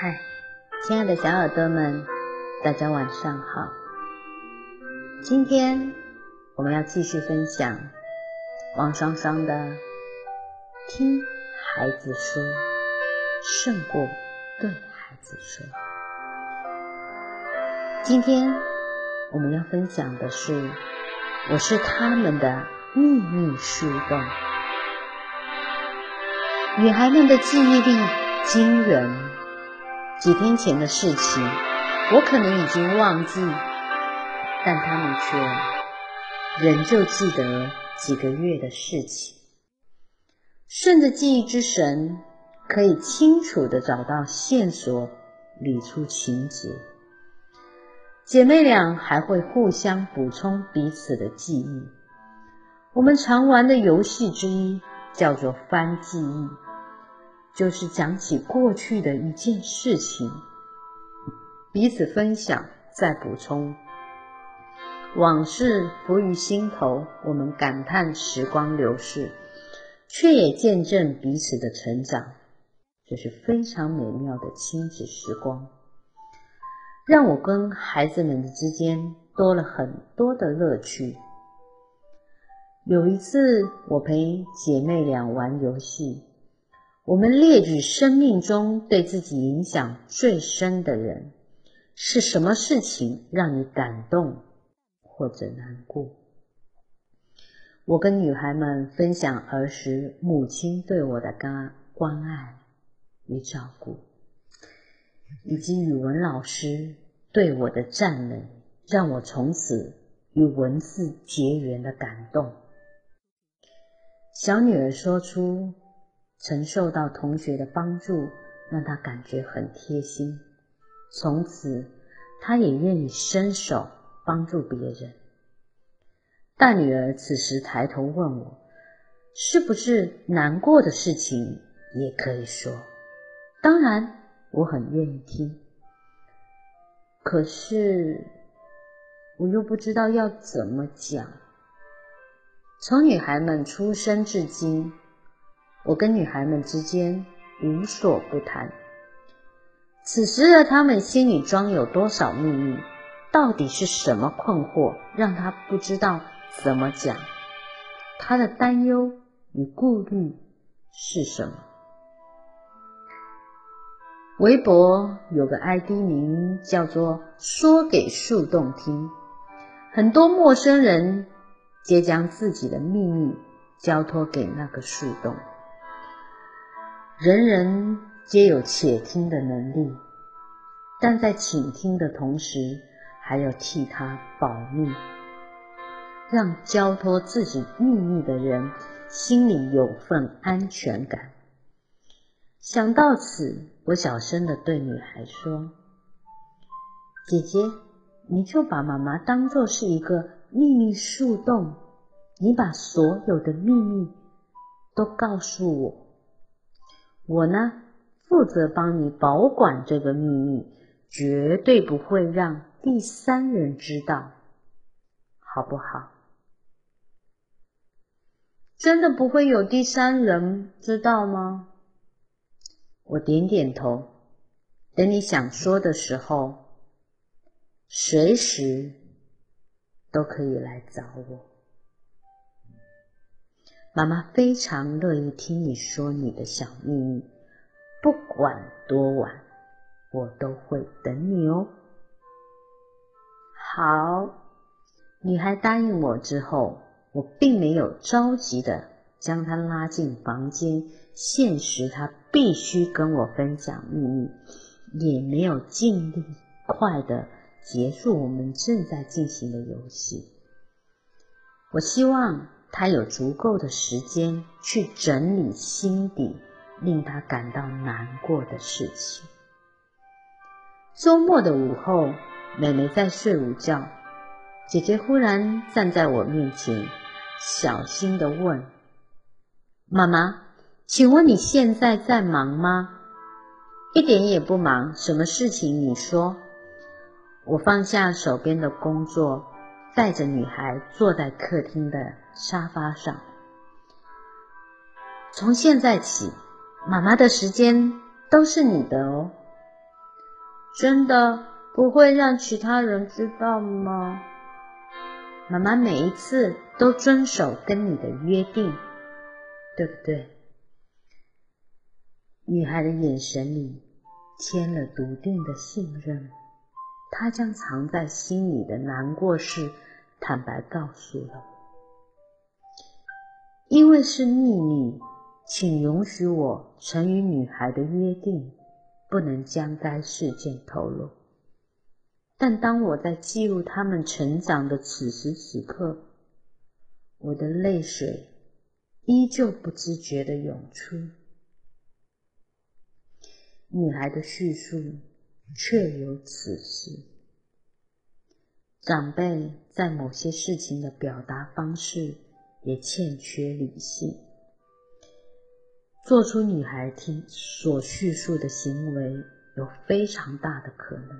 嗨，親愛的小耳朵們，大家晚上好。今天我們要繼續分享王雙雙的《聽孩子說勝過對孩子說》。今天我們要分享的是《我是他們的秘密樹洞》，女孩們的記憶力驚人。幾天前的事情，我可能已經忘記，但他們卻仍舊記得幾個月的事情。順着記憶之神，可以清楚地找到線索，理出情節。姐妹倆還會互相補充彼此的記憶。我們常玩的遊戲之一，叫做翻記憶。就是講起過去的一件事情，彼此分享再補充。往事浮於心頭，我們感嘆時光流逝，卻也見證彼此的成長。這是非常美妙的親子時光，讓我跟孩子們之間多了很多的樂趣。有一次，我陪姐妹倆玩遊戲。我們列舉生命中對自己影響最深的人，是什麼事情讓你感動或者難過？我跟女孩們分享兒時母親對我的關關愛與照顧，以及語文老師對我的讚美，讓我從此與文字結緣的感動。小女兒說出，曾受到同學的幫助，讓他感覺很貼心。從此，他也願意伸手幫助別人。大女兒此時抬頭問我：“是不是難過的事情也可以說？”當然，我很願意聽。可是，我又不知道要怎麼講。從女孩們出生至今。我跟女孩們之間無所不談。此時的她們心裡裝有多少秘密？到底是什麼困惑讓她不知道怎麼講？她的擔憂與顧慮是什麼？微博有個 ID 名叫做“說給樹洞聽”，很多陌生人皆將自己的秘密交托給那個樹洞。人人皆有且聽的能力，但在傾聽的同時，還要替他保密，讓交托自己秘密的人心裡有份安全感。想到此，我小聲地對女孩說：“姐姐，你就把媽媽當做是一個秘密樹洞，你把所有的秘密都告訴我。”我呢，負責幫你保管這個秘密，絕對不會讓第三人知道，好不好？真的不會有第三人知道嗎？我點點頭，等你想說的時候，隨時都可以來找我。媽媽非常樂意聽你說你的小秘密，不管多晚，我都會等你哦。好，女孩答應我之後，我並沒有着急的將她拉進房間，限時她必須跟我分享秘密，也沒有盡力快的結束我們正在進行的遊戲。我希望。他有足夠的時間去整理心底令他感到難過的事情。周末的午後，妹妹在睡午覺，姐姐忽然站在我面前，小心地問：“媽媽，請問你現在在忙嗎？”“一點也不忙，什麼事情？”你說。我放下手邊的工作，帶着女孩坐在客廳的。沙發上，從現在起，媽媽的時間都是你的哦。真的不會讓其他人知道嗎？媽媽每一次都遵守跟你的約定，對不對？女孩的眼神裡添了篤定的信任，她將藏在心裡的難過事坦白告訴了我。因為是秘密，請容許我曾與女孩的約定，不能將該事件透露。但當我在記錄他們成長的此時此刻，我的淚水依舊不自覺地湧出。女孩的敘述確有此事，長輩在某些事情的表達方式，也欠缺理性，做出女孩聽所敘述的行為有非常大的可能。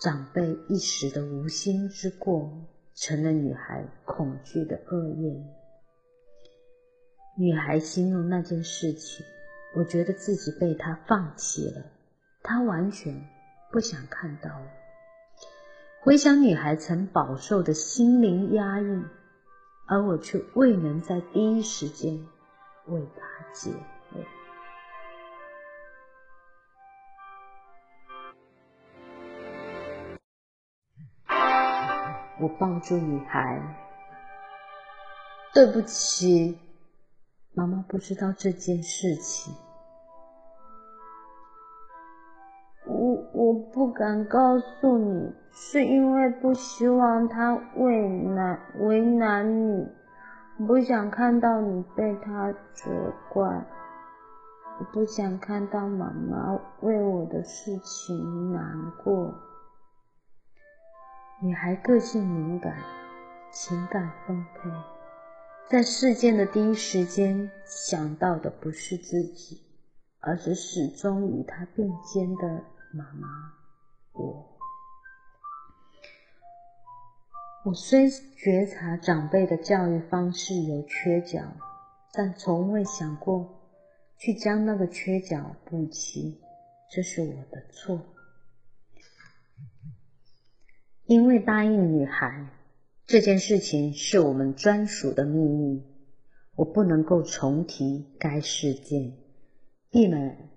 長輩一時的無心之過，成了女孩恐懼的惡因。女孩形容那件事情，我覺得自己被她放棄了，她完全不想看到我。回想女孩曾飽受的心靈壓抑。而我卻未能在第一時間為她解圍。我抱住女孩，對不起，媽媽不知道這件事情。敢告訴你，是因為不希望他為難為難你，不想看到你被他責怪，不想看到媽媽為我的事情難過。女孩個性敏感，情感豐沛，在事件的第一時間想到的不是自己，而是始終與她並肩的媽媽。我，我雖覺察長輩的教育方式有缺角，但從未想過去將那個缺角補齊。這是我的錯，因為答應女孩這件事情是我們專屬的秘密，我不能夠重提該事件，避免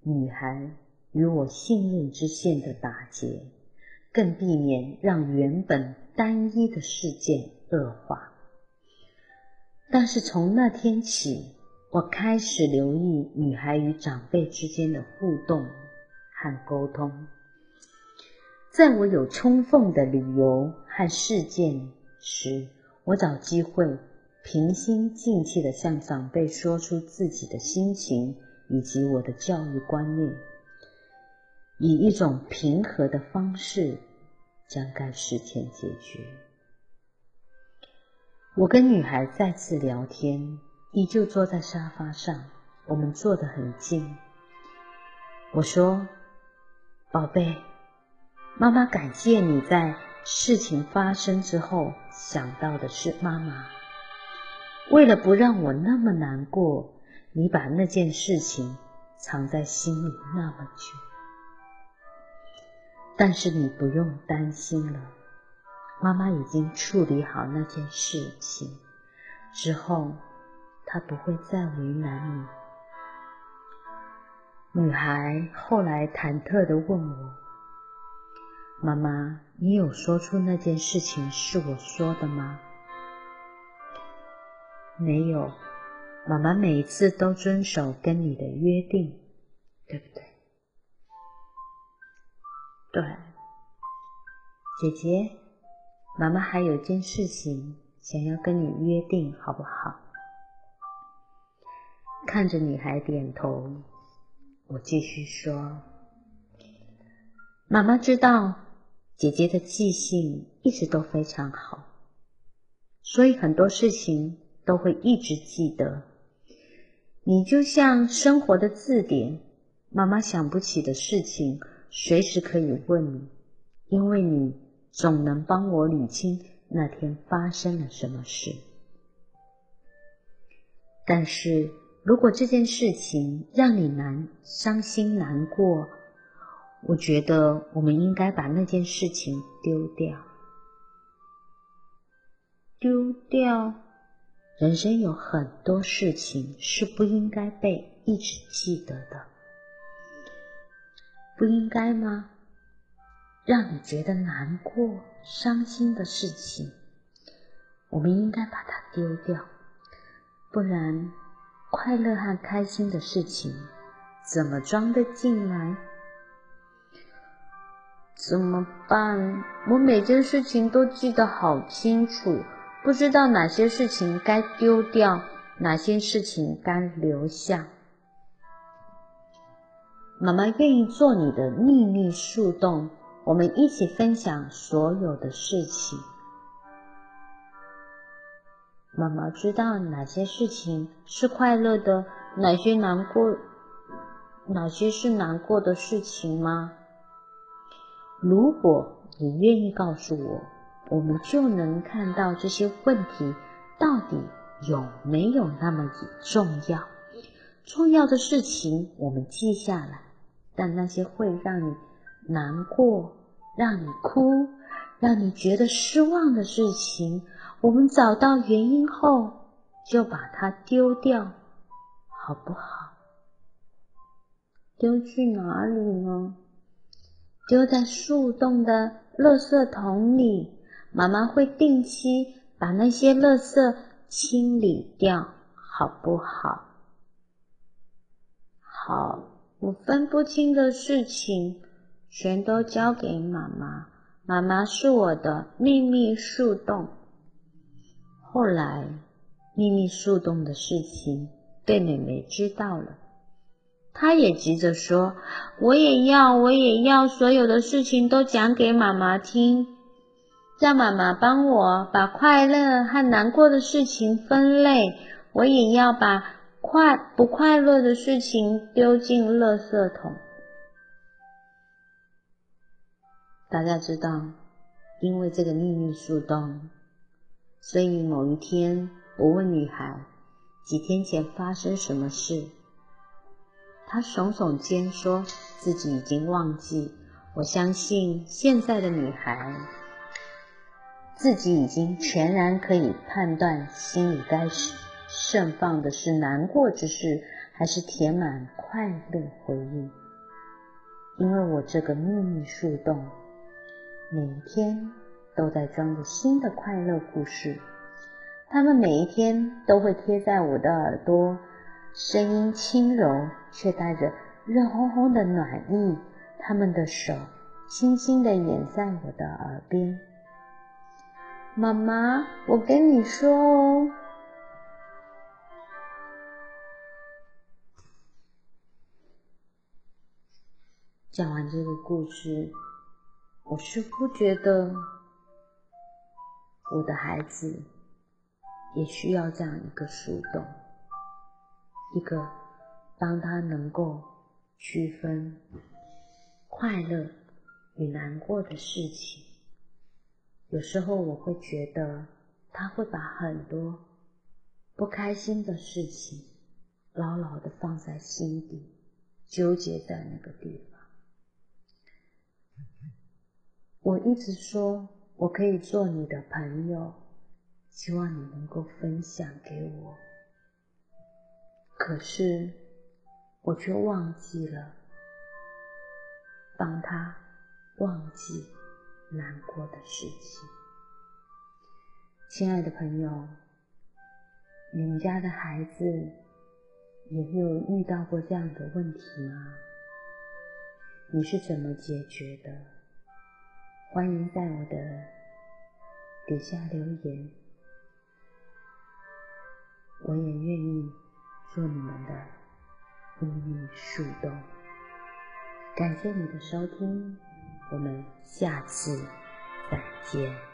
女孩。與我信任之線的打結，更避免讓原本單一的事件惡化。但是從那天起，我開始留意女孩與長輩之間的互動和溝通。在我有充分的理由和事件時，我找機會平心靜氣地向長輩說出自己的心情以及我的教育觀念。以一種平和的方式將該事情解決。我跟女孩再次聊天，依舊坐在沙發上，我們坐得很近。我說：“寶貝，媽媽感謝你在事情發生之後想到的是媽媽。為了不讓我那麼難過，你把那件事情藏在心裡那麼久。”但是你不用擔心了，媽媽已經處理好那件事情，之後她不會再為難你。女孩後來忐忑地問我：“媽媽，你有說出那件事情是我說的嗎？”“沒有，媽媽每一次都遵守跟你的約定，對不對？”對，姐姐，媽媽還有件事情想要跟你約定，好不好？看着女孩點頭，我繼續說：媽媽知道姐姐的記性一直都非常好，所以很多事情都會一直記得。你就像生活的字典，媽媽想不起的事情。隨時可以問你，因為你總能幫我理清那天發生了什麼事。但是如果這件事情讓你難，傷心難過，我覺得我們應該把那件事情丟掉。丟掉，人生有很多事情是不應該被一直記得的。不應該嗎？讓你覺得難過、傷心的事情，我們應該把它丟掉，不然快樂和開心的事情怎麼裝得進來？怎麼辦？我每件事情都記得好清楚，不知道哪些事情該丟掉，哪些事情該留下。媽媽願意做你的秘密樹洞，我們一起分享所有的事情。媽媽知道哪些事情是快樂的，哪些難過，哪些是難過的事情嗎？如果你願意告訴我，我們就能看到這些問題到底有沒有那麼重要。重要的事情我們記下來，但那些會讓你難過、讓你哭、讓你覺得失望的事情，我們找到原因後就把它丟掉，好不好？丟去哪裡呢？丟在樹洞的垃圾桶裡。媽媽會定期把那些垃圾清理掉，好不好？好，我分不清的事情全都交給媽媽，媽媽是我的秘密樹洞。後來，秘密樹洞的事情被美美知道了，她也急着說，我也要，我也要，所有的事情都講給媽媽聽，讓媽媽幫我把快樂和難過的事情分類，我也要把，快不快樂的事情丟進垃圾桶。大家知道，因為這個秘密樹洞，所以某一天我問女孩幾天前發生什麼事，她聳聳肩說自己已經忘記。我相信現在的女孩自己已經全然可以判斷心裡開始盛放的是難過之事，還是填滿快樂回憶？因為我這個秘密樹洞，每一天都在裝着新的快樂故事。他們每一天都會貼在我的耳朵，聲音輕柔卻帶着熱烘烘的暖意。他們的手輕輕地掩在我的耳邊。媽媽，我跟你說哦。講完這個故事，我似乎覺得我的孩子也需要這樣一個樹洞，一個幫他能夠區分快樂與難過的事情。有時候我會覺得他會把很多不開心的事情牢牢的放在心底，糾結在那個地方。我一直說我可以做你的朋友，希望你能夠分享給我。可是我卻忘記了幫他忘記難過的事情。親愛的朋友，你們家的孩子也沒有遇到過這樣的問題嗎？你是怎麼解決的？歡迎在我的底下留言，我也願意做你們的秘密樹洞。感謝你的收聽，我們下次再見。